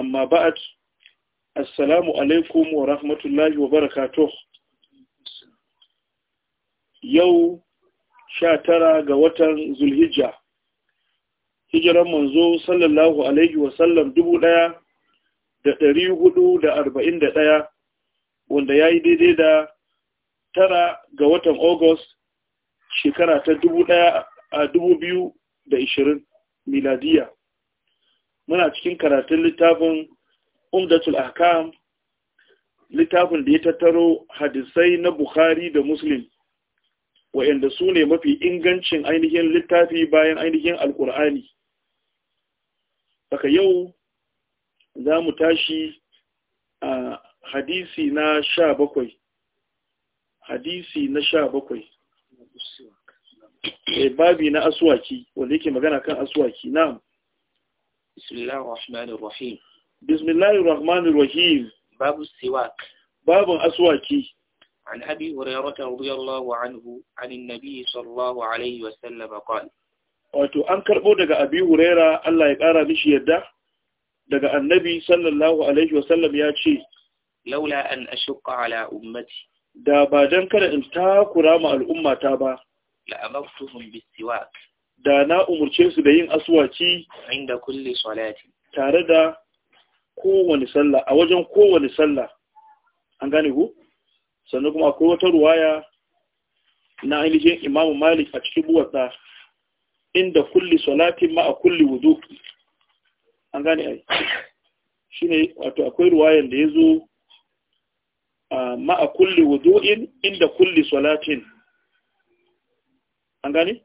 amma ba'at assalamu alaikum wa rahmatullahi wa barakatuh yau sha tara ga watan zulhijja hijiran manzo sallallahu alaihi wa sallam dubu ɗaya da ɗari hudu da arba'in da ɗaya wanda ya yi daidai da tara ga watan august shekara ta dubu ɗaya a dubu biyu da ishirin miladiya muna cikin karatun littafin umdatul ahkam littafin da ya tattaro hadisai na bukhari da muslim wa'anda su ne mafi ingancin ainihin littafi bayan ainihin alkur'ani daga yau za mu tashi a hadisi na sha bakwai hadisi na sha bakwai eh, babi na asuwaki wanda yake magana kan aswaki na'am بسم الله الرحمن الرحيم بسم الله الرحمن الرحيم باب السواك باب أسواكي عن أبي هريرة رضي الله عنه عن النبي صلى الله عليه وسلم قال an karɓo daga abi huraira Allah ya ƙara mishi yadda daga annabi sallallahu alaihi wasallam ya ce laula an ashqa ala ummati da ba dan kada in takura ma al'ummata ba la amartuhum bisiwak da na umurce su da yin asuwaci inda kulle salati tare da kowane sallah a wajen kowane sallah an gane ku sannan kuma akwai wata ruwaya na ainihin imamu malik a cikin buwatsa inda kulle salatin ma a kulle wudu an gane ai shi ne wato akwai ruwayan da ya zo ma a kulle wudu'in inda kulle salatin an gane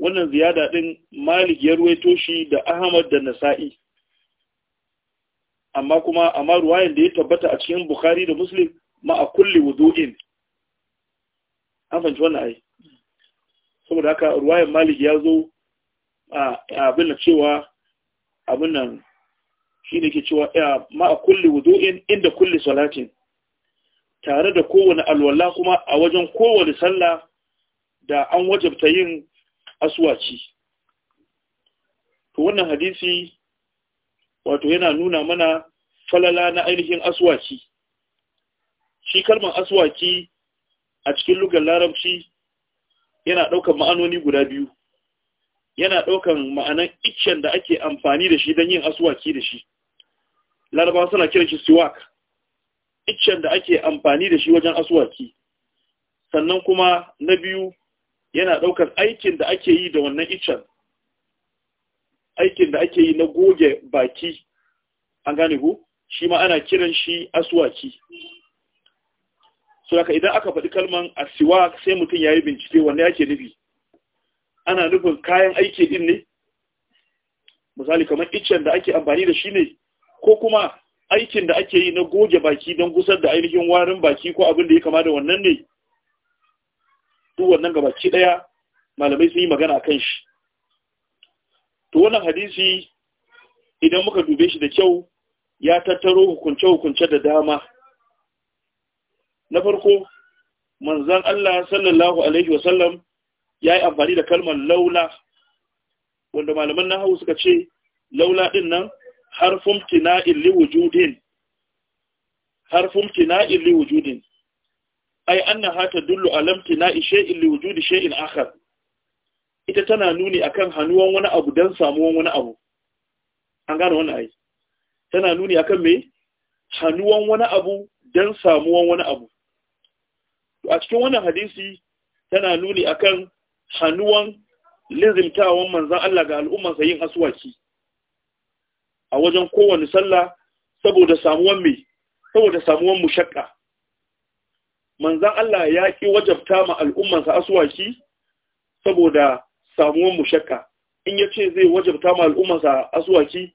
wannan ziyada din malik ya ruwaito shi da ahmad da nasa'i amma kuma amma ruwayan da ya tabbata a cikin bukhari da muslim ma a kulli wudu'in an fahimci wannan ai saboda haka ruwayan malik ya zo abin da cewa abin nan shi ne ke cewa ma a kulli wudu'in inda kulli salatin tare da kowane alwala kuma a wajen kowane sallah da an wajabta yin aswaci to wannan hadisi wato yana nuna mana falala na ainihin aswaci shi kalmar aswaki a cikin lugar larabci yana ɗaukan ma'anoni guda biyu yana ɗaukan ma'anan icen da ake amfani da shi don yin aswaki da shi larabawa suna kiran shi siwak icen da ake amfani da shi wajen aswaki sannan kuma na biyu yana ɗaukar aikin da ake yi da wannan icen aikin da ake yi na goge baki an gane ku shi ma ana kiran shi aswaki so daga idan aka faɗi kalman asiwa sai mutum ya yi bincike wanda yake nufi ana nufin kayan aiki din ne misali kamar icen da ake amfani da shi ne ko kuma aikin da ake yi na goge baki don gusar da ainihin warin baki ko abin da ya kama da wannan ne duk wannan gabaki daya malamai sun yi magana kan shi to wannan hadisi idan muka dube shi da kyau ya tattaro hukunce-hukunce da dama na farko manzan Allah sallallahu alaihi wasallam ya yi amfani da kalmar laula wanda malaman na hau suka ce laula din nan harfin tina'in liwujudin harfin tina'in liwujudin ai annaha tadullu alamtina'i shay'in liwujudi shay'in akhar ita tana nuni akan hannuwan wani abu dan samuwan wani abu an gane wannan ai tana nuni akan me hannuwan wani abu dan samuwan wani abu To a cikin wannan hadisi tana nuni akan hannuwan lizimtawan manzan Allah ga al'ummarsa yin asuwaki a wajen kowanne sallah saboda samuwan me saboda samuwan mushakka manzan Allah ya ki wajabta ma al'ummansa asuwaki saboda samuwan mushakka in ya ce zai wajabta ma al'ummansa asuwaki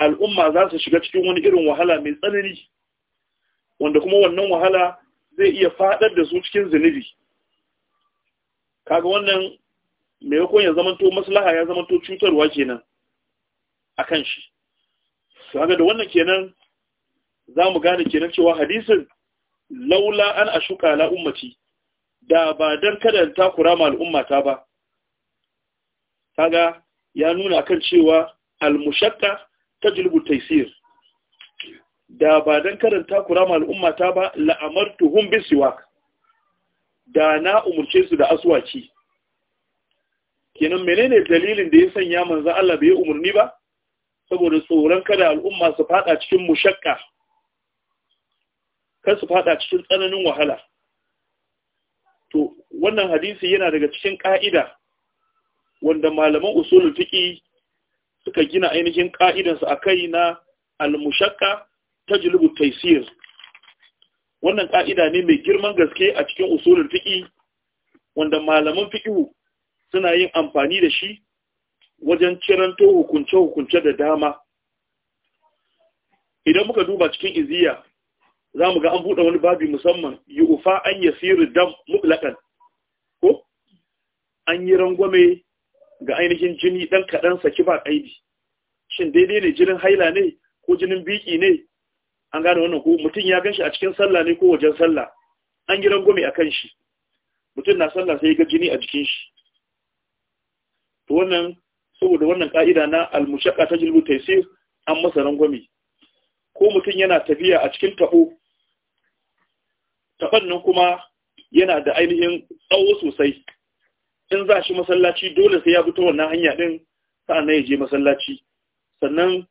al'umma za su shiga cikin wani irin wahala mai tsanani wanda kuma wannan wahala zai iya faɗar da su cikin zunubi kaga wannan me ya zamanto maslaha ya zamanto cutarwa kenan akan shi kaga da wannan kenan za mu gane kenan cewa hadisin laula an ashuka la ummati da ba dan kada ta kura ma al'ummata ba kaga ya nuna kan cewa al ta tajlibu taysir da ba dan karanta kurama al'ummata ba la'amartuhum siwak da na umurce su da aswaci kenan menene dalilin da ya sanya manzo Allah bai umurni ba saboda tsoron kada al'umma su fada cikin mushakka kar su fada cikin tsananin wahala to wannan hadisi yana daga cikin ƙa'ida wanda malaman usulul fiqi suka gina ainihin a kai na al ta tajlibu taysir wannan ƙa'ida ne mai girman gaske a cikin usulul fiqi wanda malaman fiqi suna yin amfani da shi wajen ciranto hukunce-hukunce da dama idan muka duba cikin iziya za mu ga an buɗe wani babi musamman yi ufa an ya siri dam mutlaƙan ko an yi rangwame ga ainihin jini ɗan kaɗan saki ba ƙaibi shin daidai ne jinin haila ne ko jinin biki ne an gane wannan ko mutum ya gan shi a cikin sallah ne ko wajen sallah an yi rangwame a kan shi mutum na sallah sai ga jini a jikin shi to wannan saboda wannan ƙa'ida na ta tajlibu taisir an masa rangwame ko mutum yana tafiya a cikin taɓo? Ta nan kuma yana da ainihin tsawo sosai in za shi masallaci dole sai ya bi ta wannan hanya din sa'annan ya je masallaci sannan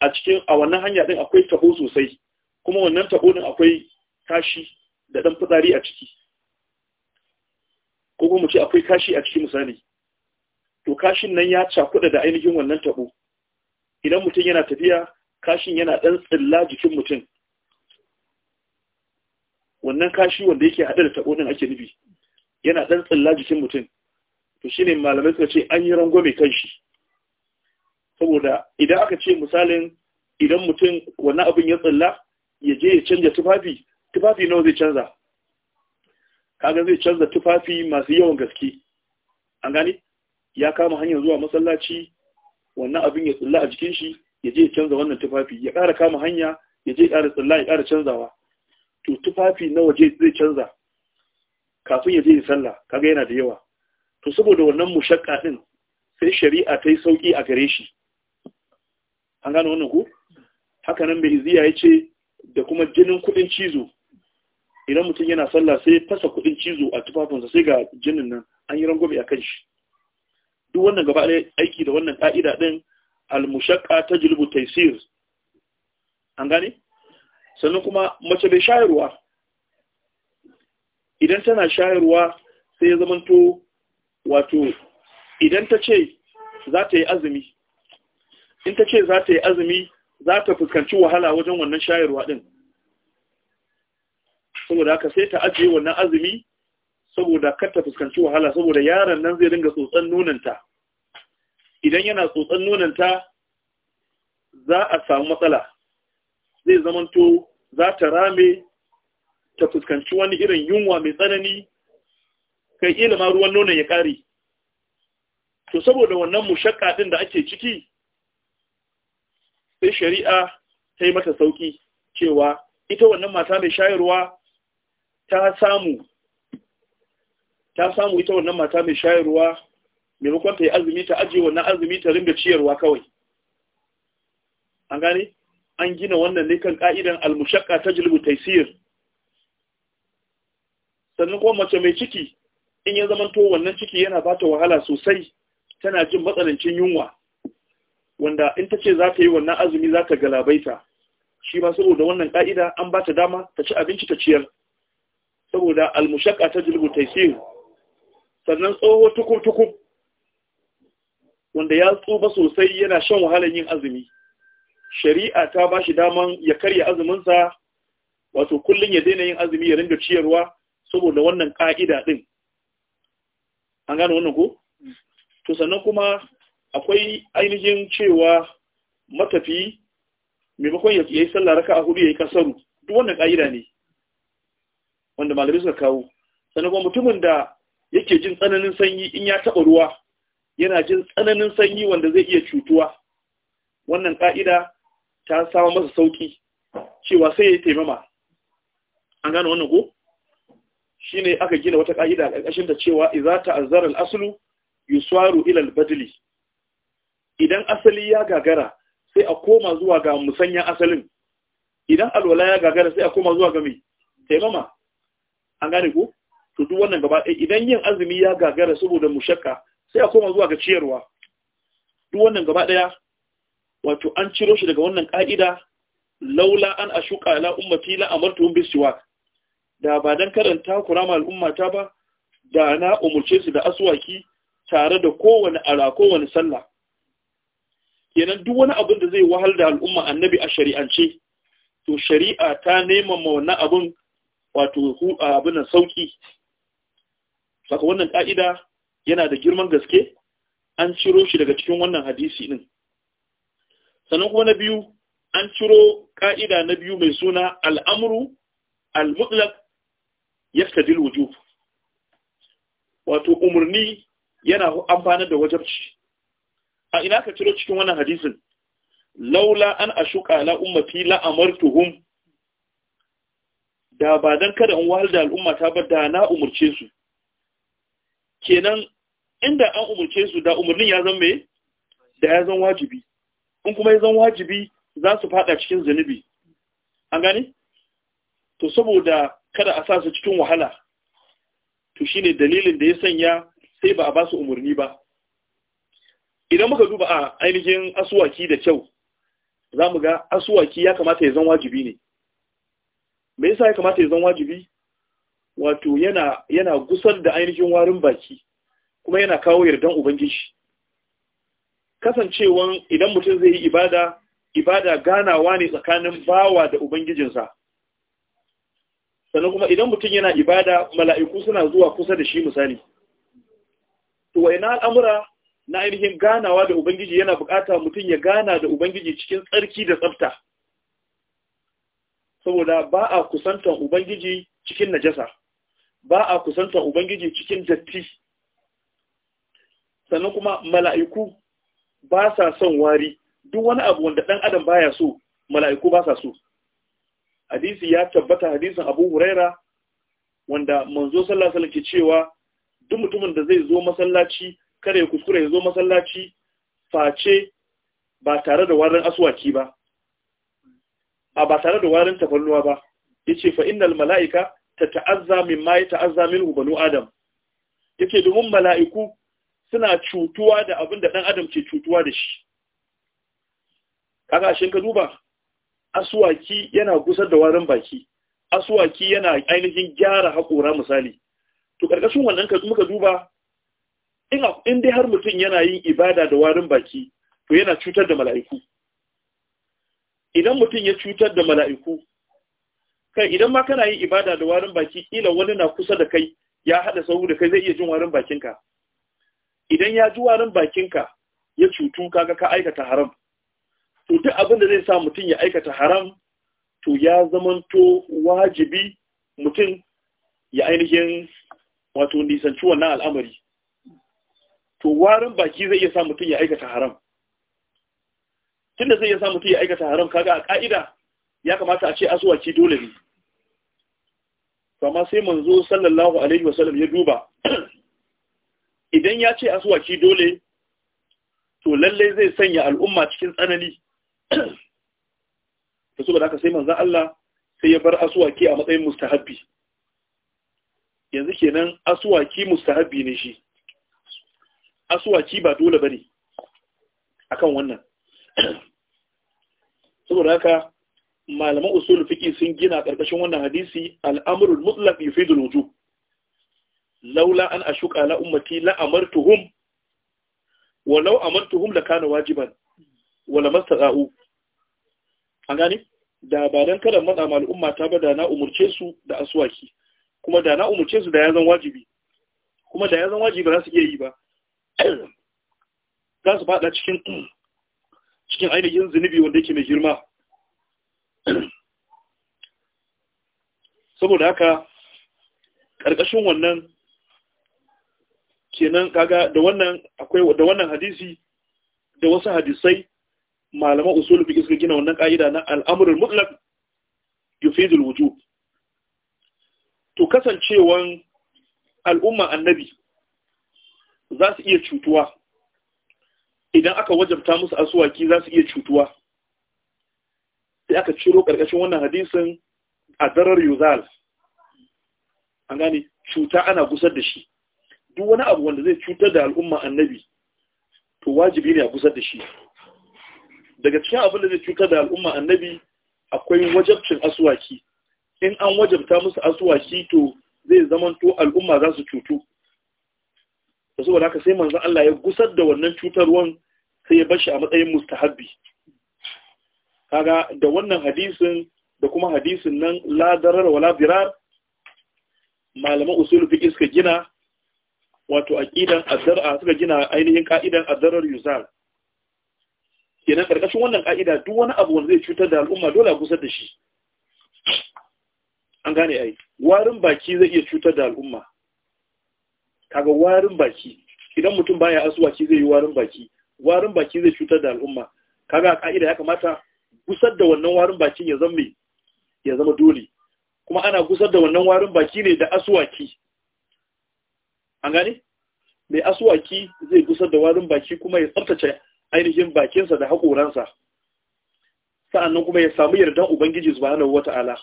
a cikin a wannan hanya din akwai taɓo sosai kuma wannan tabo din akwai kashi da dan fitsari a ciki ko kuma mu ce akwai kashi a ciki misali to kashin nan ya cakuɗa da ainihin wannan taɓo, idan mutum yana tafiya kashin yana ɗan tsilla jikin mutum wannan kashi wanda yake haɗe da taɓo ɗin ake nufi yana ɗan tsalla jikin mutum to shi ne malamai suka ce an yi rangwame kan shi saboda idan aka ce misalin idan mutum wannan abin ya tsalla, ya je ya canja tufafi tufafi nawa zai canza kaga zai canza tufafi masu yawan gaske an gani ya kama hanyar zuwa masallaci wannan abin ya tsalla a jikin shi ya je ya canza wannan tufafi ya ƙara kama hanya ya je ya ƙara tsalla ya ƙara canzawa to tufafi na waje zai canza kafin ya je yi sallah kaga yana da yawa to saboda wannan mushakka din sai shari'a ta yi sauki a gare shi an gano wannan ku haka nan mai ziya ya ce da kuma jinin kudin cizo idan mutum yana sallah sai fasa kuɗin cizo a tufafinsa sai ga jinin nan an yi rangwame a kan shi duk wannan gaba ɗaya aiki da wannan ƙa'ida din al ta jilbu taisir an gane sannan kuma mace bai shayarwa idan tana shayarwa sai ya zamanto wato idan ta ce za ta yi azumi in ta ce za ta yi azumi za ta fuskanci wahala wajen wannan shayarwa din saboda haka sai ta ajiye wannan azumi saboda kar ta fuskanci wahala saboda yaron nan zai dinga tsotsan nonanta idan yana tsotsan nonanta za a samu matsala zai zamanto za ta rame ta fuskanci wani irin yunwa mai tsanani kai ma ruwan nonon ya ƙare to saboda wannan mushakka ɗin da ake ciki sai shari'a ta yi mata sauki cewa ita wannan mata mai shayarwa ta samu ta samu ita wannan mata mai shayarwa maimakon ta yi azumi ta ajiye wannan azumi ta ringa ciyarwa kawai an gane an gina wannan ne kan ka'idan al-mushaqqa tajlibu taysir sannan kuma mace mai ciki in ya zamanto wannan ciki yana bata wahala sosai tana jin matsalancin yunwa wanda in ta ce za ta yi wannan azumi za ta galabaita shi ma saboda wannan ka'ida an ba ta dama ta ci abinci ta ciyar saboda al ta tajlibu taysir sannan tsoho tukutuku wanda ya tsuba sosai yana shan wahalar yin azumi shari'a ta ba shi daman ya karya azuminsa wato kullum ya daina yin azumi ya ringa ciyarwa saboda wannan ka'ida din an gane wannan ko to sannan kuma akwai ainihin cewa matafi maimakon ya yi sallah raka a hudu ya yi kasaru duk wannan ka'ida ne wanda malamai suka kawo sannan kuma mutumin da yake jin tsananin sanyi in ya taɓa ruwa yana jin tsananin sanyi wanda zai iya cutuwa wannan ka'ida ta sama masa sauki cewa sai ya yi taimama an gane wannan ko shi ne aka gina wata ƙa'ida a ƙarƙashin da cewa iza ta azara al’asulu yusuwaru ilal badili idan asali ya gagara sai a koma zuwa ga musanyan asalin idan alwala ya gagara sai a koma zuwa ga mai taimama an gane ko to duk wannan gaba ɗaya idan yin azumi ya gagara saboda mushakka sai a koma zuwa ga ciyarwa duk wannan gaba ɗaya wato an ciro shi daga wannan ƙa'ida, laula an ashuka ala ummati la amartuhum bisiwak da ba dan karanta kurama al'ummata ba da na umurce su da aswaki tare da kowane ara kowane sallah kenan duk wani abin da zai wahal da al'umma annabi a shari'ance to shari'a ta neman ma wannan abin wato abin nan sauki saka wannan ka'ida yana da girman gaske an ciro shi daga cikin wannan hadisi din sannan kuma na biyu an ciro ka'ida na biyu mai suna al'amuru al-mutlaq yaftadil wujub wato umarni yana amfanar da wajabci a ina ka ciro cikin wannan hadisin laula an ashuka ala ummati la amartuhum da ba dan kada in wahal da al'umma ta ba da na umurce su kenan inda an umurce su da umarnin ya zama da ya zama wajibi in kuma zan wajibi za su faɗa cikin zunubi an gani? to saboda kada a sa su cikin wahala to shine dalilin da ya sanya sai ba a ba su umarni ba idan muka duba a ainihin asuwaki da kyau za mu ga asuwaki ya kamata ya zan wajibi ne me yasa ya kamata ya zan wajibi wato yana gusar da ainihin warin baki kuma yana kawo yardan ubangiji kasancewan idan mutum zai yi ibada ibada ganawa ne tsakanin bawa da ubangijinsa sannan kuma idan mutum yana ibada mala'iku suna zuwa kusa da shi misali to wa'ina al'amura na ainihin ganawa da ubangiji yana bukata mutum ya gana da ubangiji cikin tsarki da tsafta saboda ba a kusantan ubangiji cikin najasa ba a kusantan ubangiji cikin datti sannan kuma mala'iku ba sa son wari duk wani abu wanda ɗan adam baya so mala'iku ba sa so hadisi ya tabbata hadisin Abu Huraira wanda manzo sallallahu alaihi ke cewa duk mutumin da zai zo masallaci kada ya kuskure ya zo masallaci face ba tare da warin aswaki ba a ba tare da warin tafalluwa ba yace fa innal mala'ika tata'azza mimma yata'azza minhu banu adam yake domin mala'iku suna cutuwa da abin da ɗan adam ce cutuwa da shi kaga ka duba asuwaki yana gusar da warin baki asuwaki yana ainihin gyara haƙora misali to ƙarƙashin wannan ka muka duba in dai har mutum yana yin ibada da warin baki to yana cutar da mala'iku idan mutum ya cutar da mala'iku kai idan ma kana yin ibada da warin baki ƙila wani na kusa da kai ya haɗa sauru da kai zai iya jin warin bakinka idan ya ji warin bakinka ya cutu kaga ka aikata haram to duk abin da zai sa mutum ya aikata haram to ya zamanto wajibi mutum ya ainihin wato nisanci wannan al'amari to warin baki zai iya sa mutum ya aikata haram tunda zai iya sa mutum ya aikata haram kaga a ka'ida ya kamata a ce asuwaci dole ne amma sai manzo sallallahu alaihi wasallam ya duba idan ya ce asuwaki dole to lalle zai sanya al'umma cikin tsanani da saboda aka sai manzan Allah sai ya bar asuwaki a matsayin mustahabbi yanzu kenan asuwaki mustahabbi ne shi asuwaki ba dole bane akan wannan saboda haka malaman usul fiqi sun gina karkashin wannan hadisi al'amrul mutlaq yufidul wujub laula an ashuka la ummati la amartuhum walau amartuhum la kana wajiban wala mastaqa'u an gani? da ba dan kada matsa ma al'umma ta ba da na umurce su da aswaki kuma da na umurce su da ya zan wajibi kuma da ya zan wajibi ba za su iya yi ba za su fada cikin cikin ainihin zunubi wanda yake mai girma saboda haka ƙarƙashin wannan kenan kaga da wannan akwai da wannan hadisi da wasu hadisai malaman usul fiqh suka gina wannan ka'ida na al-amrul mutlaq yufidu al-wujub to kasancewan al'umma annabi za su iya cutuwa idan aka wajabta musu asuwaki za su iya cutuwa sai aka ciro ƙarƙashin wannan hadisin a darar yuzal an gane cuta ana gusar da shi duk wani abu wanda zai cutar da al'umma annabi to wajibi ne a kusa da shi daga cikin abin da zai cutar da al'umma annabi akwai wajabcin asuwaki in an wajabta musu asuwaki to zai zamanto al'umma za su cutu da saboda haka sai manzan Allah ya gusar da wannan cutarwan sai ya bashi a matsayin mustahabbi kaga da wannan hadisin da kuma hadisin nan la darar wala birar malaman usulu fiqh suka gina wato aqidan azara suka gina ainihin ka'idan azarar yuzal kenan karkashin wannan ka'ida duk wani abu wanda zai cutar da al'umma dole a gusar da shi an gane ai warin baki zai iya cutar da al'umma kaga warin baki idan mutum baya asuwaci zai yi warin baki warin baki zai cutar da al'umma kaga ka'ida ya kamata gusar da wannan warin bakin ya zama ya zama dole kuma ana gusar da wannan warin baki ne da asuwaki an gane mai aswaki zai gusar da warin baki kuma ya tsabtace ainihin bakinsa da haƙoransa sa'annan kuma ya samu yardan ubangiji wata ala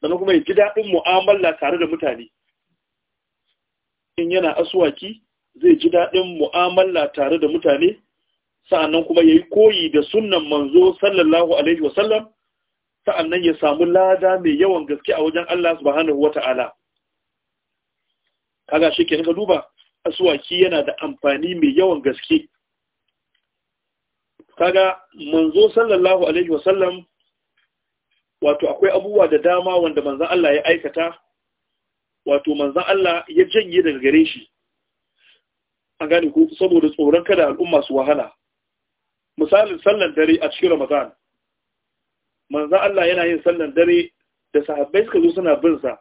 sannan kuma ya ji daɗin mu'amala tare da mutane in yana aswaki zai ji daɗin mu'amala tare da mutane sa'annan kuma ya yi koyi da sunan manzo sallallahu alaihi wasallam sa'annan ya samu lada mai yawan gaske a wajen Allah subhanahu ta'ala. kaga shi kenan ka duba asuwaki yana da amfani mai yawan gaske kaga manzo sallallahu alaihi wasallam wato akwai abubuwa da dama wanda manzan Allah ya aikata wato manzan Allah ya janye daga gare shi an gane ko saboda tsoron kada al'umma su wahala misalin sallan dare a cikin ramadan manzan Allah yana yin sallan dare da sahabbai suka zo suna bin sa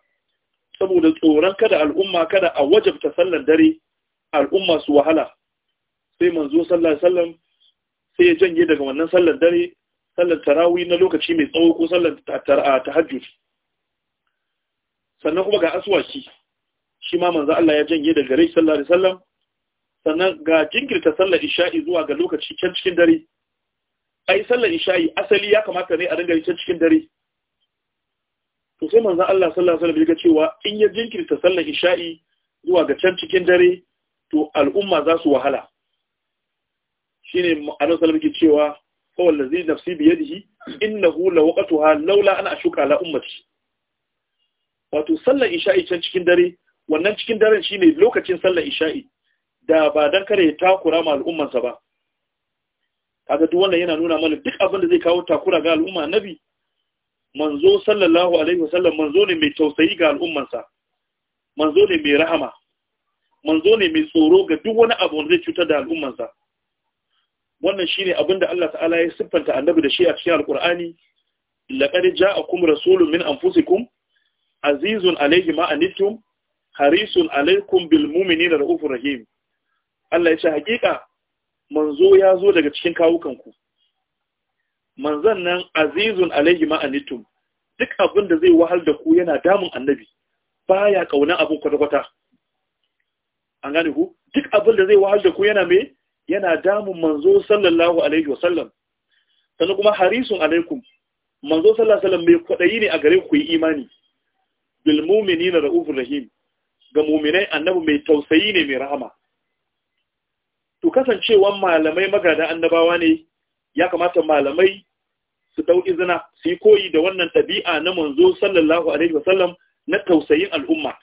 saboda tsoron kada al'umma kada a wajabta sallan dare al'umma su wahala sai manzo sallallahu alaihi wasallam sai ya janye daga wannan sallar dare sallar tarawih na lokaci mai tsawo ko sallar ta tahajjud sannan kuma ga aswaki shi ma manzo Allah ya janye daga rai sallallahu alaihi wasallam sannan ga jinkirta sallar isha'i zuwa ga lokaci can cikin dare ai sallar isha'i asali ya kamata ne a dinga can cikin dare to sai manzo Allah sallallahu alaihi wasallam ya cewa in ya jinkirta sallar isha'i zuwa ga can cikin dare to al'umma za su wahala shine annabi sallallahu ke cewa da zai nafsi bi hula wakatu lawaqatuha laula ana shuka ala wato sallar isha'i can cikin dare wannan cikin daren ne lokacin sallar isha'i da ba don kare ya takura ma al'ummansa ba kaga duk wannan yana nuna mana duk abin da zai kawo takura ga al'umma nabi manzo sallallahu alaihi wasallam manzo ne mai tausayi ga al'ummansa, manzo ne mai rahama manzo ne mai tsoro ga duk wani abu wanda zai cutar da al'ummansa wannan shine abin da Allah ta'ala ya siffanta annabi da shi a cikin alqur'ani laqad ja'akum rasulun min anfusikum azizun alayhi ma anittum harisun alaykum bil mu'minina raufur rahim Allah ya ce hakika manzo ya zo daga cikin kawukan kawukanku manzon nan azizun alayhi ma anittum duk abin da zai wahal da ku yana damun annabi baya kauna abin kwata-kwata an gane ku duk abin da zai wahal da ku yana mai yana damun manzo sallallahu alaihi wa sallam sannan kuma harisun alaikum manzo sallallahu alaihi wa sallam mai kwadayi ne a gare ku yi imani bil mu'minina raufur rahim ga mu'minai annabi mai tausayi ne mai rahama to kasancewan malamai magada annabawa ne ya kamata malamai su dau izina su yi koyi da wannan ɗabi'a na manzo sallallahu alaihi wa sallam na tausayin al'umma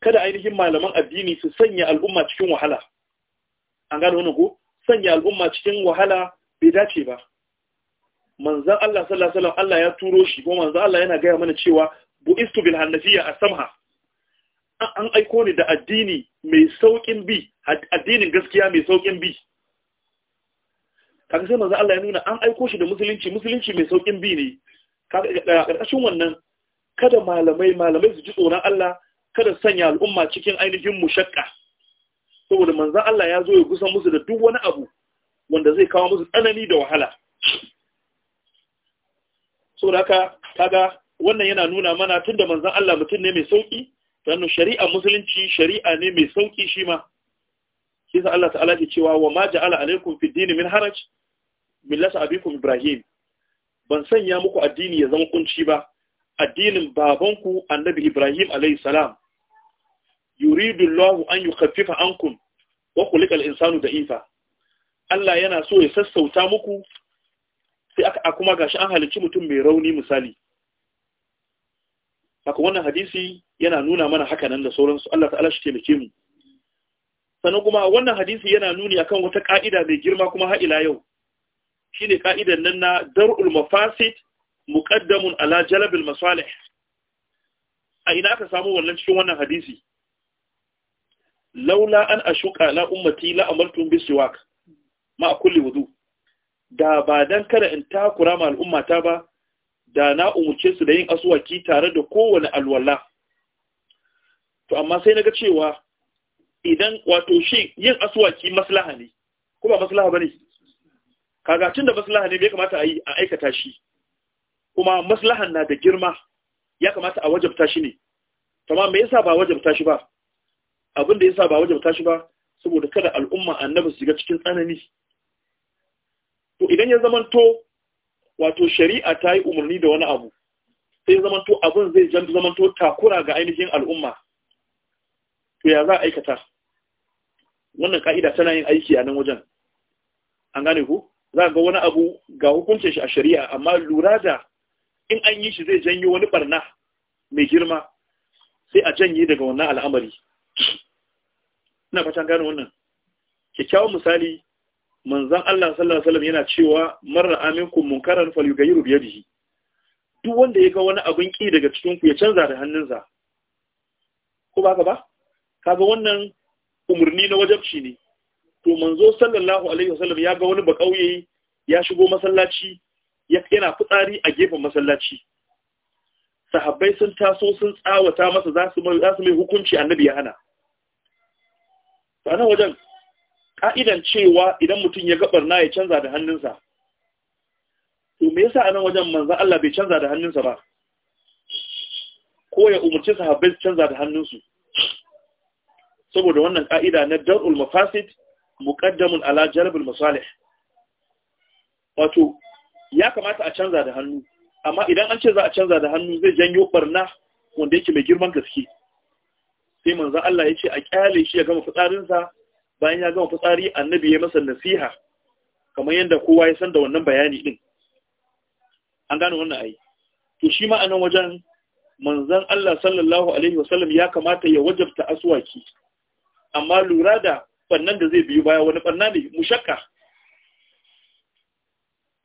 kada ainihin malaman addini su sanya al'umma cikin wahala an gano wani ko sanya al'umma cikin wahala bai dace ba manzan Allah sallallahu alaihi Allah ya turo shi kuma manzan Allah yana gaya mana cewa istu bil a asamha an aiko ni da addini mai saukin bi addinin gaskiya mai saukin bi kaga sai manzan Allah ya nuna an aiko shi da musulunci musulunci mai saukin bi ne kaga ƙarƙashin wannan kada malamai malamai su ji tsoron Allah kada sanya al'umma cikin ainihin mushakka saboda manzan Allah ya zo ya gusa musu da duk wani abu wanda zai kawo musu tsanani da wahala da haka kaga wannan yana nuna mana tunda manzan Allah mutum ne mai sauki sannan shari'a musulunci shari'a ne mai sauki shi ma shi Allah ta'ala ke cewa wa ma ja'ala alaikum fi dini min haraj millata abikum ibrahim ban sanya muku addini ya zama kunci ba addinin babanku annabi ibrahim alayhi salam yuridu Allahu an yukaffifa ankum wa khuliqal insanu da'ifa Allah yana so ya sassauta muku sai aka kuma gashi an halicci mutum mai rauni misali haka wannan hadisi yana nuna mana haka nan da sauransu Allah ta'ala shi taimake mu sannan kuma wannan hadisi yana nuni akan wata ka'ida mai girma kuma har ila yau shine ka'idan nan na dar'ul mafasid muqaddamun ala jalbil masalih a ina aka samu wannan cikin wannan hadisi laula an ashuka la ummati la amartum bisiwak ma kulli wudu da ba dan kada in takura ma al'ummata ba da na umurce su da yin aswaki tare da kowane alwala to amma sai naga cewa idan wato shi yin aswaki maslaha ne ko ba maslaha bane kaga tunda maslaha ne bai kamata a yi a aikata shi kuma maslahan na da girma ya kamata a wajabta shi ne tamam me yasa ba wajabta shi ba abin da ya sa ba wajen shi ba saboda kada al'umma annabi su shiga cikin tsanani to idan ya to wato shari'a ta yi umarni da wani abu sai to abin zai jan zamanto takura ga ainihin al'umma to ya za a aikata wannan ka'ida tana yin aiki a nan wajen an gane ku za ga wani abu ga hukuncin shi a shari'a amma lura da in an yi shi zai janyo wani barna mai girma sai a janye daga wannan al'amari ina fatan gane wannan kyakkyawan misali manzon Allah sallallahu alaihi wasallam yana cewa marra aminkum munkaran falyughayyiru bi yadihi duk wanda ya ga wani abin ki daga cikin ku ya canza da hannunsa ko ba ka ba kaga wannan umarni na wajabci ne to manzo sallallahu alaihi wasallam ya ga wani ba ya shigo masallaci ya yana fitsari a gefen masallaci sahabbai sun taso sun tsawata masa za su mai hukunci annabi ya hana ba wajen ka'idan cewa idan mutum ya ga na ya canza da hannunsa to me yasa anan wajen manzo Allah bai canza da hannunsa ba ko ya umarci sahabbai su canza da hannunsu saboda wannan ka'ida na dar'ul mafasid muqaddamun ala jalbul masalih wato ya kamata a canza da hannu amma idan an ce za a canza da hannu zai janyo barna wanda yake mai girman gaske sai manzan Allah ya ce a kyale shi ya gama fitsarinsa bayan ya gama fitsari annabi ya masa nasiha kamar yadda kowa ya san da wannan bayani din an gane wannan ai to shi ma anan wajen manzan Allah sallallahu alaihi wasallam ya kamata ya wajabta aswaki amma lura da bannan da zai biyu baya wani fanna ne mushakka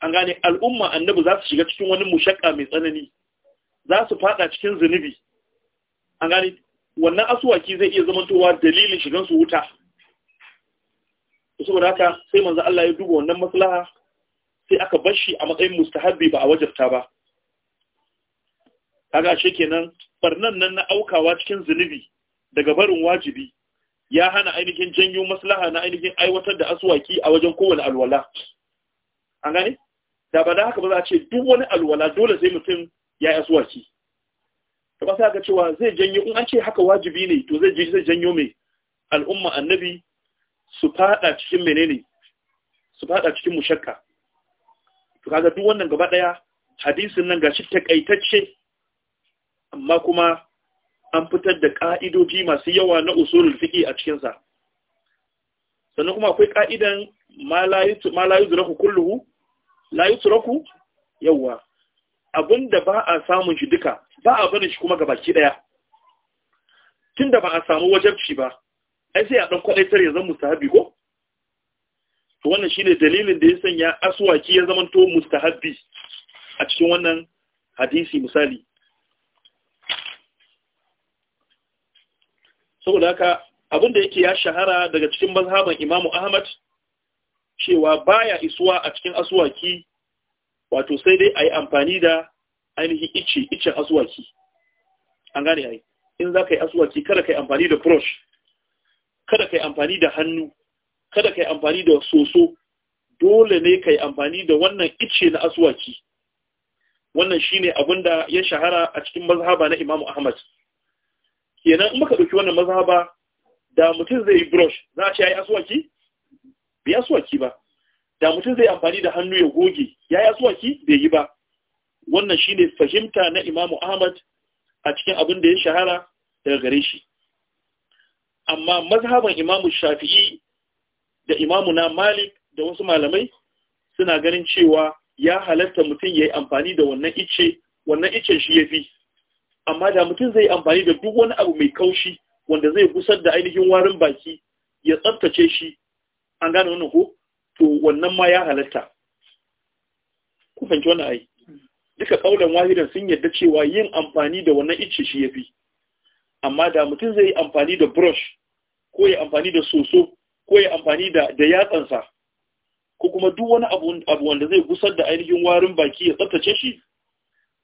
an gane al'umma annabi za su shiga cikin wani mushakka mai tsanani za su fada cikin zunubi an gane wannan asuwaki zai iya zamantowa dalilin shigan su wuta saboda haka sai manzo Allah ya duba wannan maslaha sai aka bar shi a matsayin mustahabbi ba a wajabta ba kaga ashe kenan barnan nan na aukawa cikin zunubi daga barin wajibi ya hana ainihin janyo maslaha na ainihin aiwatar da aswaki a wajen kowane alwala an gane da ba da haka ba za a ce duk wani alwala dole sai mutum ya yi aswaki da ba sai ga cewa zai janyo in an ce haka wajibi ne to zai zai janyo mai al'umma annabi su fada cikin menene su fada cikin mushakka to kaga duk wannan gaba daya hadisin nan gashi takaitacce amma kuma an fitar da ka'idoji masu yawa na usulul fiqi a cikin sa sannan kuma akwai ka'idan ma la yuzraku kulluhu la yuzraku yawa da ba a samun shi duka ba a barin shi kuma ga baki daya tunda ba a samu shi ba ai sai a ɗan kwaɗaitar ya zama mustahabi ko to wannan shine dalilin da ya sanya aswaki ya zama to mustahabi a cikin wannan hadisi misali saboda haka abinda yake ya shahara daga cikin mazhaban Imam Ahmad cewa baya isuwa a cikin aswaki wato sai dai a yi amfani da ainihin ice icen asuwaki an gane ai in za ka yi asuwaki kada ka yi amfani da brush kada ka yi amfani da hannu kada ka yi amfani da soso dole ne ka yi amfani da wannan ice na asuwaki wannan shine abun da ya shahara a cikin mazhaba na Imam Ahmad kenan in muka ɗauki wannan mazhaba da mutum zai yi brush za a ce ai aswaki bi aswaki ba da mutum zai amfani da hannu ya goge ya yi ki? bai yi ba wannan shine fahimta na imamu ahmad a cikin abin da ya shahara daga gare shi amma mazhaban imamu shafi'i da imamu na malik da wasu malamai suna ganin cewa ya halatta mutum ya yi amfani da wannan ice wannan ice shi ya fi amma da mutum zai amfani da duk wani abu mai kaushi wanda zai gusar da ainihin warin baki ya tsabtace shi an gane wannan ko to wannan ma ya halatta ku fahimci wannan ai duka kaulan wahidan sun yadda cewa yin amfani da wannan icce shi yafi amma da mutum zai yi amfani da brush ko ya amfani da soso ko ya amfani da da yatsansa ko kuma duk wani abu abu wanda zai gusar da ainihin warin baki ya tsaftace shi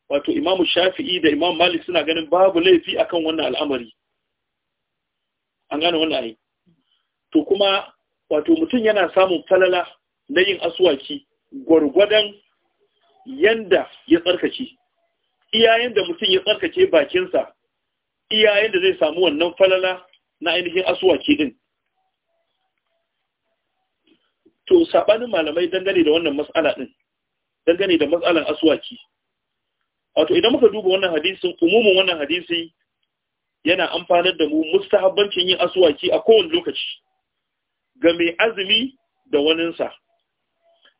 wato imamu shafi'i da imam malik suna ganin babu laifi akan wannan al'amari an gane wannan ai to kuma wato mutum yana samun falala na yin asuwaki gwargwadon yanda ya tsarkace iyayen da mutum ya tsarkace bakinsa iyayen da zai samu wannan falala na ainihin asuwaki din to sabanin malamai dangane da wannan matsala din dangane da matsalan asuwaki. wato idan muka duba wannan hadisin umumin wannan hadisi yana amfanar da mu mustahabbancin yin asuwaki a kowane lokaci ga mai azumi da waninsa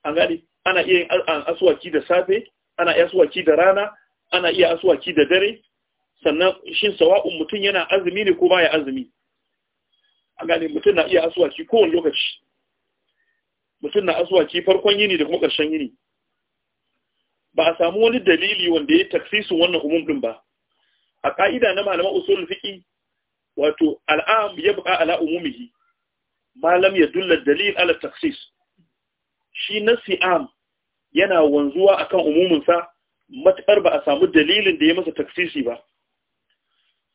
an gani ana iya yin asuwaki da safe ana iya asuwaki da rana ana iya asuwaki da dare sannan shi sawa'un mutum yana azumi ne ko baya azumi an gani mutum na iya asuwaki kowane lokaci mutum na asuwaki farkon yini da kuma ƙarshen yini ba a samu wani dalili wanda ya taksisu wannan umum ɗin ba a ƙa'ida na malaman usulun fiƙi, wato al'am ya buƙa ala umumihi malam ya dulla dalil ala taksis shi nasi am yana wanzuwa akan umuminsa matuƙar ba a samu dalilin da ya masa taksisi ba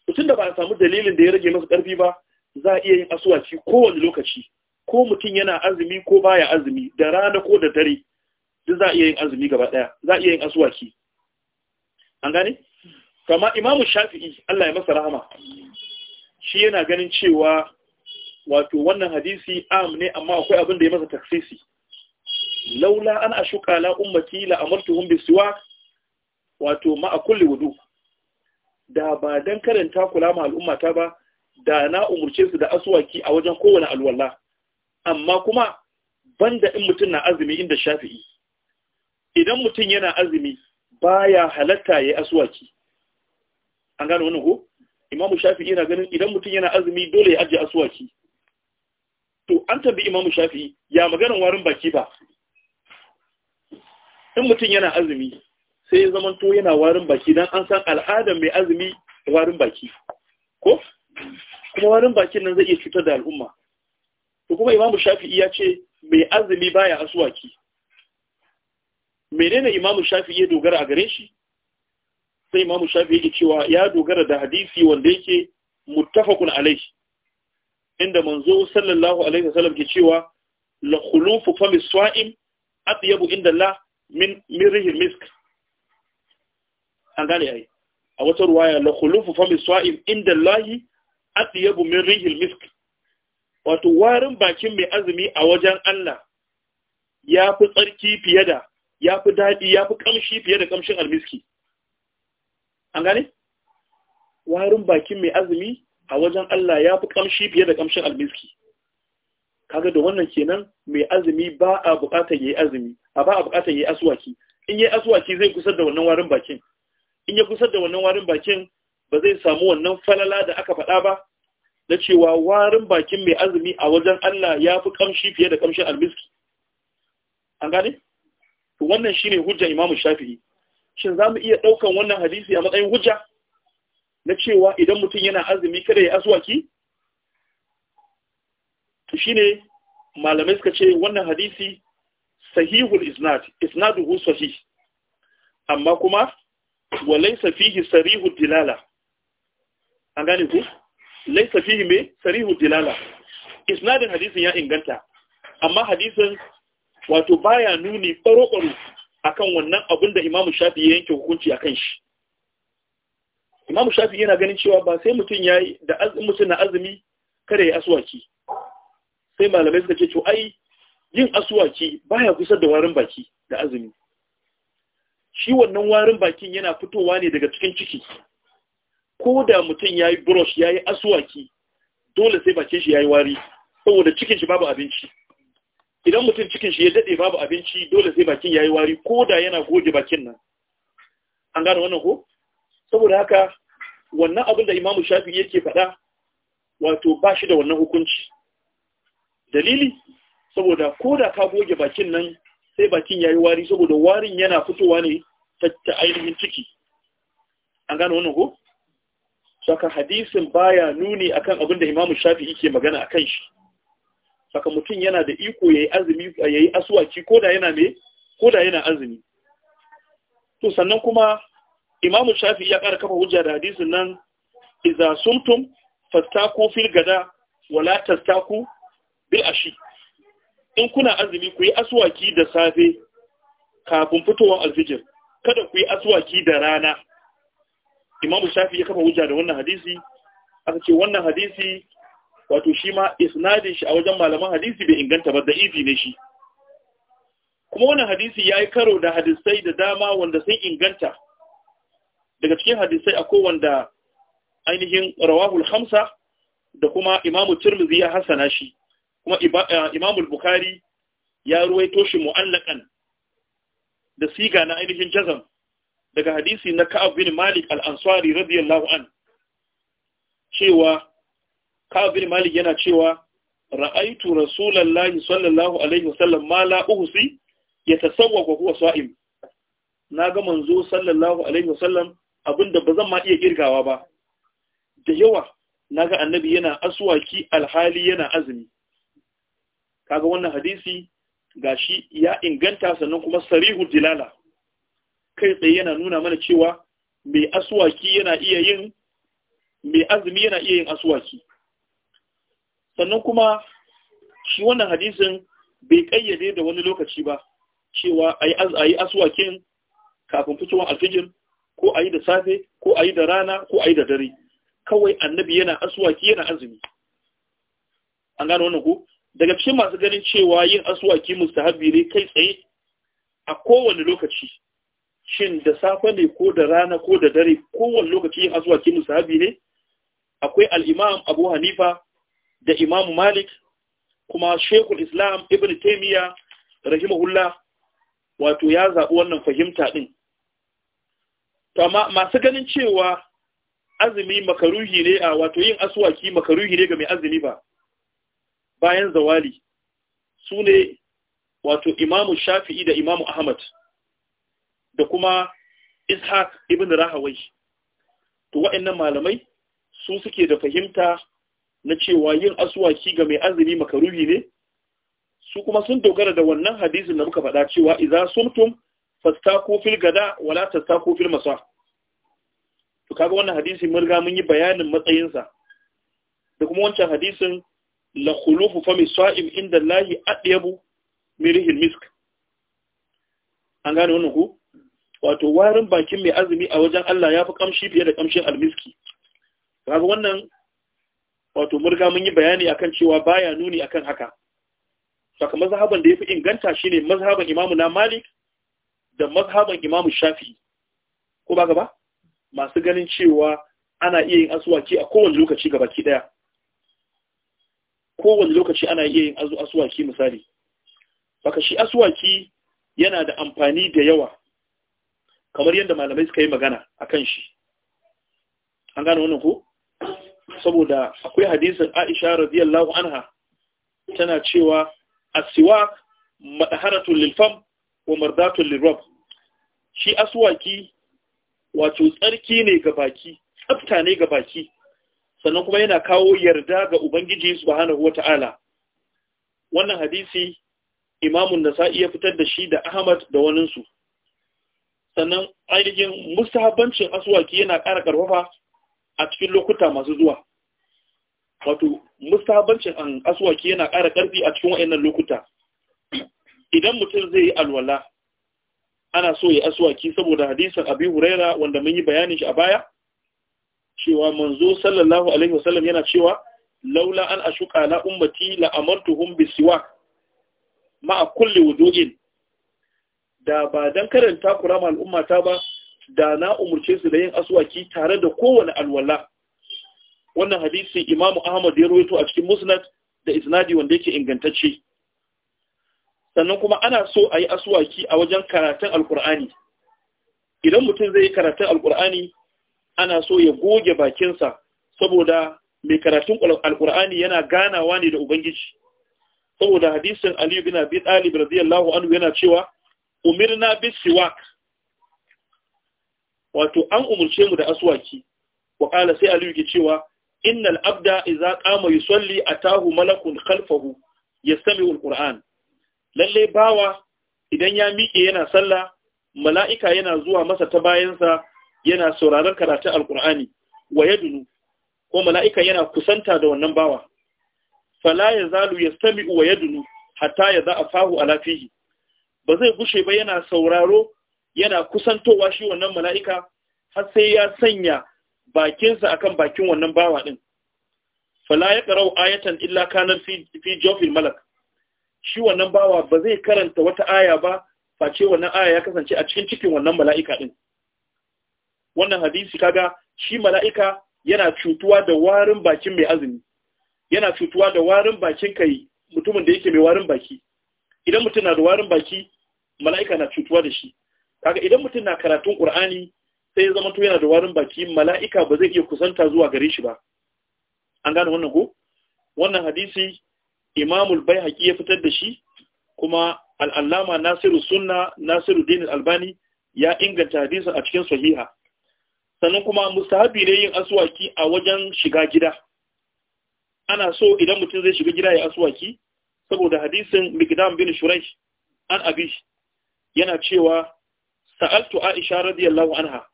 mutum da ba a samu dalilin da ya rage masa ƙarfi ba za a iya yin asuwaci kowane lokaci ko mutum yana azumi ko baya azumi da rana ko da dare duk za a iya yin azumi gaba ɗaya za a iya yin asuwaci an gane kama imamu shafi'i Allah ya masa rahama shi yana ganin cewa wato wannan hadisi am ne amma akwai abin da ya masa taksisi laula an ashuka la ummati la amartuhum bisiwak wato ma a kulli wudu da ba dan karanta kula ma al'ummata ba da na umurce su da aswaki a wajen kowane alwala amma kuma banda in mutum na azumi inda shafi'i idan mutum yana azumi baya halatta yayi aswaki an gano wannan ko imamu shafi'i yana ganin idan mutum yana azumi dole ya aje aswaki to an tambi imamu shafi'i ya maganan warin baki ba in mutum yana azumi sai ya zamanto yana warin baki don an san al'adar mai azumi warin baki ko kuma warin bakin nan zai iya cutar da al'umma to kuma imamu shafi'i ya ce mai azumi baya asuwaki menene imamu shafi'i ya dogara a gare shi sai imamu shafi'i ya cewa ya dogara da hadisi wanda yake muttafaqun alaihi inda manzo sallallahu alaihi wasallam ke cewa la khulufu fami swa'im atyabu inda la min mirihil misk an gane ai a wata ruwaya la khulufu fami swa'im inda lahi atyabu min rihil misk wato warin bakin mai azumi a wajen Allah ya fi tsarki fiye da ya fi daɗi ya fi ƙamshi fiye da ƙamshin almiski an gane warin bakin mai azumi a wajen Allah ya fi kamshi fiye da kamshin almiski kaga da wannan kenan mai azumi ba a bukatar yayi azumi a ba a bukatar yayi aswaki in yayi aswaki zai kusar da wannan warin bakin in ya kusar da wannan warin bakin ba zai samu wannan falala da aka faɗa ba da cewa warin bakin mai azumi a wajen Allah ya fi kamshi fiye da kamshin almiski an gane to wannan shine hujja, Imam Shafi'i shin za mu iya daukan wannan hadisi a matsayin hujja na cewa idan mutum yana azumi kada ya aswaki to shine malamai suka ce wannan hadisi sahihul isnad isnaduhu sahih amma kuma wa fihi sarihud dilala an gane ku laysa fihi me sarihud dilala isnadin hadisin ya inganta amma hadisin wato baya nuni baro akan wannan abin da Imam Shafi ya yanke hukunci akan shi Imam Shafi yana ganin cewa ba sai mutum ya yi da mutum na azumi kada ya aswaki. Sai malamai suka ce to ai yin aswaki baya kusa da warin baki da azumi. Shi wannan warin bakin yana fitowa ne daga cikin ciki. Ko da mutum ya yi brush ya yi aswaki dole sai bakin shi ya yi wari saboda cikin shi babu abinci. Idan mutum cikin shi ya daɗe babu abinci dole sai bakin ya yi wari ko da yana goge bakin nan. An gane wannan ko? saboda haka wannan abin da imamu shafi yake faɗa wato ba shi da wannan hukunci dalili saboda ko da ka goge bakin nan sai bakin ya yi wari saboda warin yana fitowa ne ta ainihin ciki an gano wannan ko? saka hadisin baya nuni akan abin da imamu shafi yake magana a kan shi saka mutum yana da iko ya yi azumi ya yi asuwaki ko da yana me ko da yana azumi to sannan kuma imam shafi ya ƙara kafa hujja da hadisin nan idza sumtum fastaku fil gada wala tastaku bil ashi in kuna azumi ku yi aswaki da safe kafin fitowar alfijir kada ku yi aswaki da rana imam shafi ya kafa hujja da wannan hadisi aka ce wannan hadisi wato shi ma isnadin shi a wajen malaman hadisi bai inganta ba da izi ne shi kuma wannan hadisi ya yi karo da hadisai da dama wanda sun inganta daga cikin hadisai a kowanda ainihin rawahul hamsa da kuma imamu turmizi ya hasana shi kuma eh, imamu bukhari ya ruwaito shi mu'allakan da siga na ainihin jazam daga hadisi na ka'ab bin malik al-ansari radiyallahu an cewa ka'ab bin malik yana cewa ra'aitu rasulullahi sallallahu alaihi wasallam ma la uhsi yatasawwaqu huwa sa'im naga manzo sallallahu alaihi wasallam Abin da ba zan ma iya girgawa ba da yawa na ga annabi yana aswaki alhali yana azumi kaga wannan hadisi gashi ya inganta sannan kuma sarihu dilala kai tsaye yana nuna mana cewa mai aswaki yana iya yin mai azumi yana iya yin aswaki sannan kuma shi wannan hadisin bai kayyade da wani lokaci ba cewa a aswakin kafin fitowar alfijir ko a yi da safe ko a yi da rana ko a yi da dare kawai annabi yana aswaki yana azumi an gano wannan ko daga cikin masu ganin cewa yin aswaki mustahabi ne kai tsaye a kowane lokaci shin da safe ne ko da rana ko da dare kowane lokaci yin aswaki mustahabi ne akwai al-imam Abu Hanifa da Imam Malik kuma Sheikhul Islam Ibn Taymiyyah rahimahullah wato ya zaɓi wannan fahimta ɗin. to amma masu ganin cewa azumi makaruhi ne a wato yin aswaki makaruhi ne ga mai azumi ba bayan zawali su ne wato imamu shafi'i da imamu ahmad da kuma ishaq ibn rahawai to wa'annan malamai su suke da fahimta na cewa yin aswaki ga mai azumi makaruhi ne su kuma sun dogara da wannan hadisin da muka faɗa cewa idza sumtum fastaku fil gada wala tastaku fil masa to kaga wannan hadisi mun ga mun yi bayanin matsayinsa da kuma wancan hadisin la khulufu fami sa'im inda lahi adyabu mirihil misk an gane wannan ku wato warin bakin mai azumi a wajen Allah ya fi kamshi fiye da kamshin almiski kaga wannan wato mun ga mun yi bayani akan cewa baya nuni akan haka saka mazhaban da yafi inganta shine mazhaban imamu na Malik da mazhaban imamu shafi ko ba gaba masu ganin cewa ana iya yin asuwaki a kowane lokaci gaba ki daya kowane lokaci ana iya yin asuwaki misali baka shi asuwaki yana da amfani da yawa kamar yadda malamai suka yi magana a kan shi an gane wannan ko saboda akwai hadisin aisha radiyallahu anha tana cewa asiwak madaharatul lilfam wa mardatul lirab shi aswaki wato tsarki ne ga baki tsafta ne ga baki sannan kuma yana kawo yarda ga ubangiji subhanahu wata'ala wannan hadisi imamun nasa'i ya fitar da shi da ahmad da waninsu sannan ainihin musabancin aswaki yana ƙara ƙarfafa a cikin lokuta masu zuwa wato musabancin aswaki yana ƙara ƙarfi a cikin wa'annan lokuta idan mutum zai yi alwala ana so ya aswaki saboda hadisin abi huraira wanda mun yi bayanin shi a baya cewa manzo sallallahu alaihi wasallam yana cewa laula an ashuka la ummati la amartuhum bisiwak a kulli wudu'in da ba dan karanta kurama al'ummata ba da na umurce su da yin aswaki tare da kowane alwala wannan hadisi imamu ahmad ya rawaito a cikin musnad da isnadi wanda yake ingantacce sannan kuma ana so a yi asuwaki a wajen karatun alkur'ani idan mutum zai yi karatun alkur'ani ana so ya goge bakinsa saboda mai karatun alkur'ani yana ganawa ne da ubangiji saboda hadisin aliyu bin abi talib radiyallahu anhu yana cewa umirna bis siwak wato an umurce mu da aswaki wa sai aliyu ke cewa innal abda idza qama yusalli atahu malakun khalfahu yastami'u alquran lalle bawa idan ya miƙe yana sallah mala'ika yana zuwa masa ta bayansa yana sauraron karatu alkur'ani wa yadunu ko mala'ika yana kusanta da wannan bawa fala ya zalu ya sami wa yadunu hatta ya za a fahu a lafihi ba zai gushe ba yana sauraro yana kusantowa shi wannan mala'ika har sai ya sanya bakinsa akan bakin wannan bawa ɗin fala ya ƙarau ayatan illa kanar fi jofin malak shi wannan bawa ba zai karanta wata aya ba face wannan aya ya kasance a cikin cikin wannan mala'ika din wannan hadisi kaga shi mala'ika yana cutuwa da warin bakin mai azumi yana cutuwa da warin bakin kai mutumin da yake mai warin baki idan mutum na da warin baki mala'ika na cutuwa da shi kaga idan mutum na karatun qur'ani sai ya zama to yana da warin baki mala'ika ba zai iya kusanta zuwa gare shi ba an gane wannan ko wannan hadisi imamul bai haƙi ya fitar da shi kuma al'allama nasiru sunna nasiru dinin albani ya inganta hadisin a cikin sahiha sannan kuma mustahabi ne yin aswaki a wajen shiga gida ana so idan mutum zai shiga gida ya aswaki saboda hadisin mikdam bin shuraish an abi yana cewa sa'altu aisha radiyallahu anha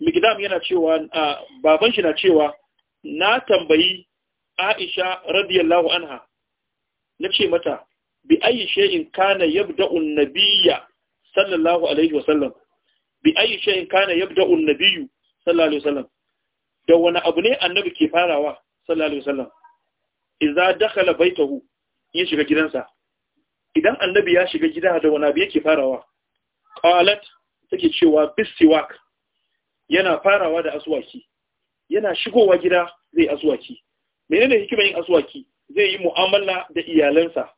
mikdam yana cewa baban shi na cewa na tambayi aisha radiyallahu anha na ce mata bi ayi shay'in kana yabda'u an-nabiyya sallallahu alaihi wasallam bi ayi shay'in kana yabda'u an-nabiyyu sallallahu alaihi wasallam da wani abu ne annabi ke farawa sallallahu alaihi wasallam idza dakhala baytahu ya shiga gidansa idan annabi ya shiga gida da wani abu yake farawa qalat take cewa bisiwak yana farawa da aswaki yana shigowa gida zai aswaki menene hikimar yin aswaki zai yi mu'amala da iyalansa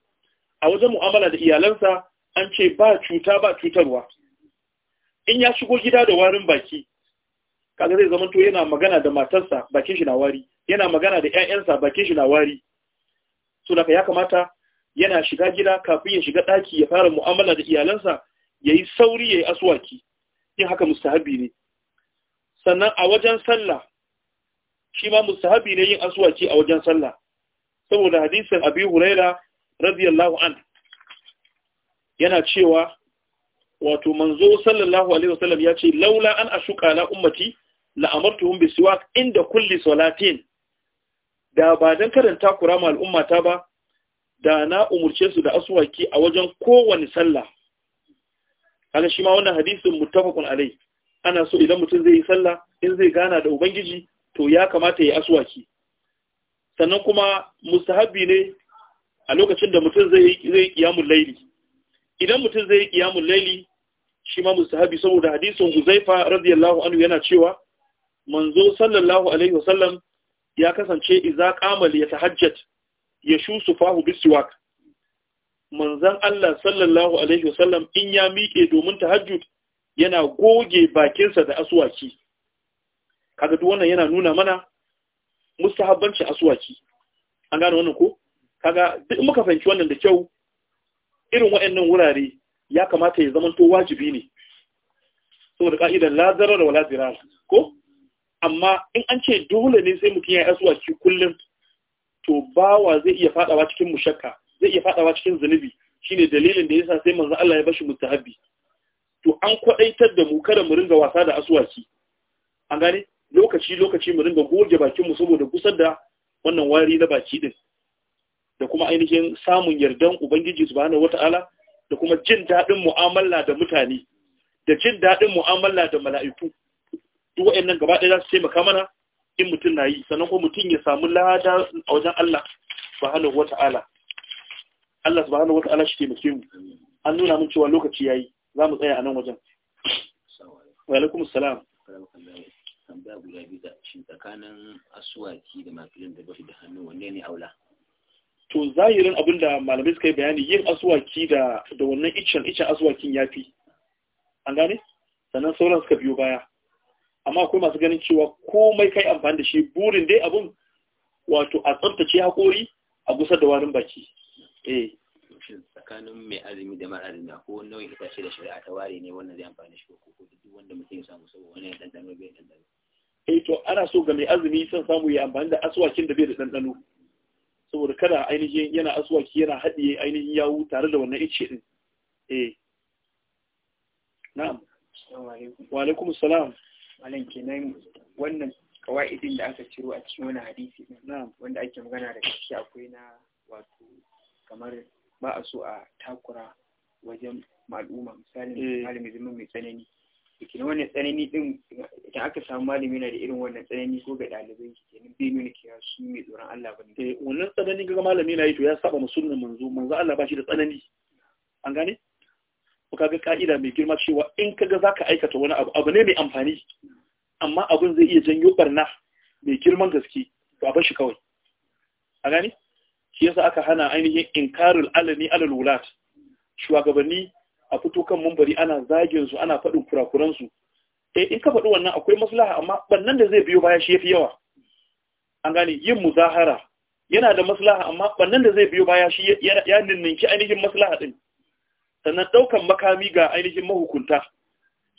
a wajen mu'amala da iyalansa an ce ba cuta ba cutarwa in ya shigo gida da warin baki kaga zai zamanto yana magana da matarsa bakin shi na wari yana magana da 'ya'yansa bakin shi na wari so ya kamata yana shiga gida kafin ya shiga ɗaki ya fara mu'amala da iyalansa yayi sauri yayi aswaki in haka mustahabi ne sannan a wajen sallah shi ma mustahabi ne yin asuwaki a wajen sallah saboda hadisin abi huraira radiyallahu an yana cewa wato manzo sallallahu alaihi wasallam ya ce laula an ashuka ala ummati la amartuhum bi siwak inda kulli salatin da ba dan karanta kurama al'ummata ba da na umurce su da aswaki a wajen kowane sallah kaga shi ma wannan hadisin muttafaqun alai ana so idan mutum zai yi sallah in zai gana da ubangiji to ya kamata ya yi aswaki sannan kuma musahabi ne a lokacin da mutum zai yi kiyamun laili idan mutum zai yi kiyamun laili shi ma musahabi saboda hadisin Huzaifa radiyallahu anhu yana cewa manzo sallallahu alaihi wasallam ya kasance ya qama ya shu su fahu bisiwak manzon Allah sallallahu alaihi wasallam in ya miƙe domin tahajjud yana goge bakinsa da aswaki kaga duk wannan yana nuna mana Mustahabbanci asuwaki an gane wannan ko kaga duk muka fahimci wannan da kyau irin waɗannan wurare ya kamata ya to wajibi ne saboda ka'idan la zarar wala zirar ko amma in an ce dole ne sai mutum ya yi asuwaki kullum to bawa zai iya fadawa cikin mushakka zai iya fadawa cikin zunubi shine dalilin da yasa sai manzo Allah ya bashi mustahabbi to an kwadaitar da mu kada mu ringa wasa da asuwaki an gane lokaci lokaci mu dinga goge bakin mu saboda gusar da wannan wari na baki din da kuma ainihin samun yardan ubangiji subhanahu wataala da kuma jin dadin mu'amala da mutane da jin dadin mu'amala da mala'iku duk waɗannan gaba ɗaya za su taimaka mana in mutum na yi sannan kuma mutum ya samu lada a wajen Allah subhanahu wata'ala Allah subhanahu wata'ala shi taimake mu an nuna mun cewa lokaci yayi za mu tsaya a nan wajen wa alaikum assalam tambaya guda biyu da shi tsakanin asuwaki da makilin da bashi da hannu wanne ne aula to zahirin abin da malamai suka yi bayani yin asuwaki da da wannan iccen iccen asuwakin ya fi an gane sannan sauran suka biyo baya amma akwai masu ganin cewa komai kai amfani da shi burin dai abun wato a tsabtace haƙori a gusar da warin baki eh tsakanin mai azumi da mara azumi ko nau'in itace da shari'a ta ware ne wannan zai amfani da shi ko duk wanda mutum ya samu saboda wani ya dandano bai ɗanɗano eh to ana so ga mai azumi son samu ya amfani da aswakin da bai da ɗanɗano saboda kada ainihin yana aswaki yana haɗiye ainihin yawu tare da wannan ice ɗin eh na'am wa alaikum salam malam kenan wannan kawaidin da aka ciro a cikin wani hadisi na'am wanda ake magana da shi akwai na wato kamar ba a so a takura wajen mal'umma misali eh. malamin zaman mai tsanani kenan wannan tsanani din idan aka samu malami yana da irin wannan tsanani ko ga ɗalibai shi kenan bai nuna cewa su mai tsoron Allah ba ne. Eh, wannan tsanani ga malami yana yi to ya saba musulmin manzo manzo Allah ba shi da tsanani an gane ko ga ka'ida mai girma cewa in ka za zaka aikata wani abu abu ne mai amfani amma abun zai iya janyo barna mai girman gaske to a shi kawai a gane shi yasa aka hana ainihin inkarul alani alal wulat shugabanni a fito kan mumbari ana zagin su ana faɗin kurakuran su eh in ka faɗi wannan akwai maslaha amma bannan da zai biyo baya shi yafi yawa an gane yin muzahara yana da maslaha amma bannan da zai biyo baya shi ya ninninki ainihin maslaha din sannan daukan makami ga ainihin mahukunta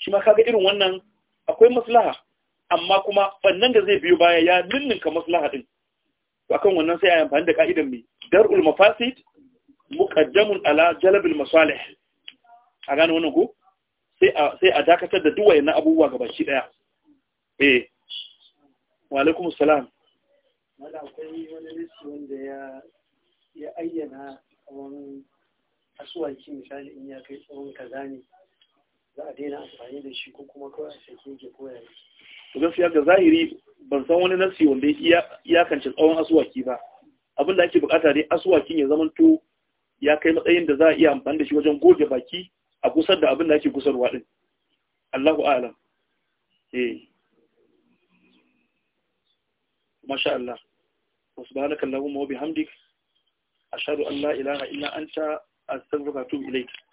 shi ma kaga irin wannan akwai maslaha amma kuma bannan da zai biyo baya ya ninninka maslaha din akan wannan sai a amfani da ka'idan mai dar'ul mafasid muqaddamun ala jalabil masalih a gane wannan ko sai a dakatar da duwaye na abubuwa ga shi daya eh wa alaikum salam wanda akwai wani lissi wanda ya ayyana kaman asuwanci misali in ya kai tsawon kaza ne za a daina amfani da shi ko kuma kawai a sake yake koya to gaskiya ga zahiri ban san wani nasi wanda ya kanci tsawon asuwaki ba abin da ake bukata dai asuwakin ya zamanto ya kai matsayin da za a iya amfani da shi wajen goge baki a kusar da abin da ake kusarwa din Allahu a'lam eh masha Allah wa subhanaka allahumma wa bihamdik ashhadu an la ilaha illa anta astaghfiruka wa atubu ilayk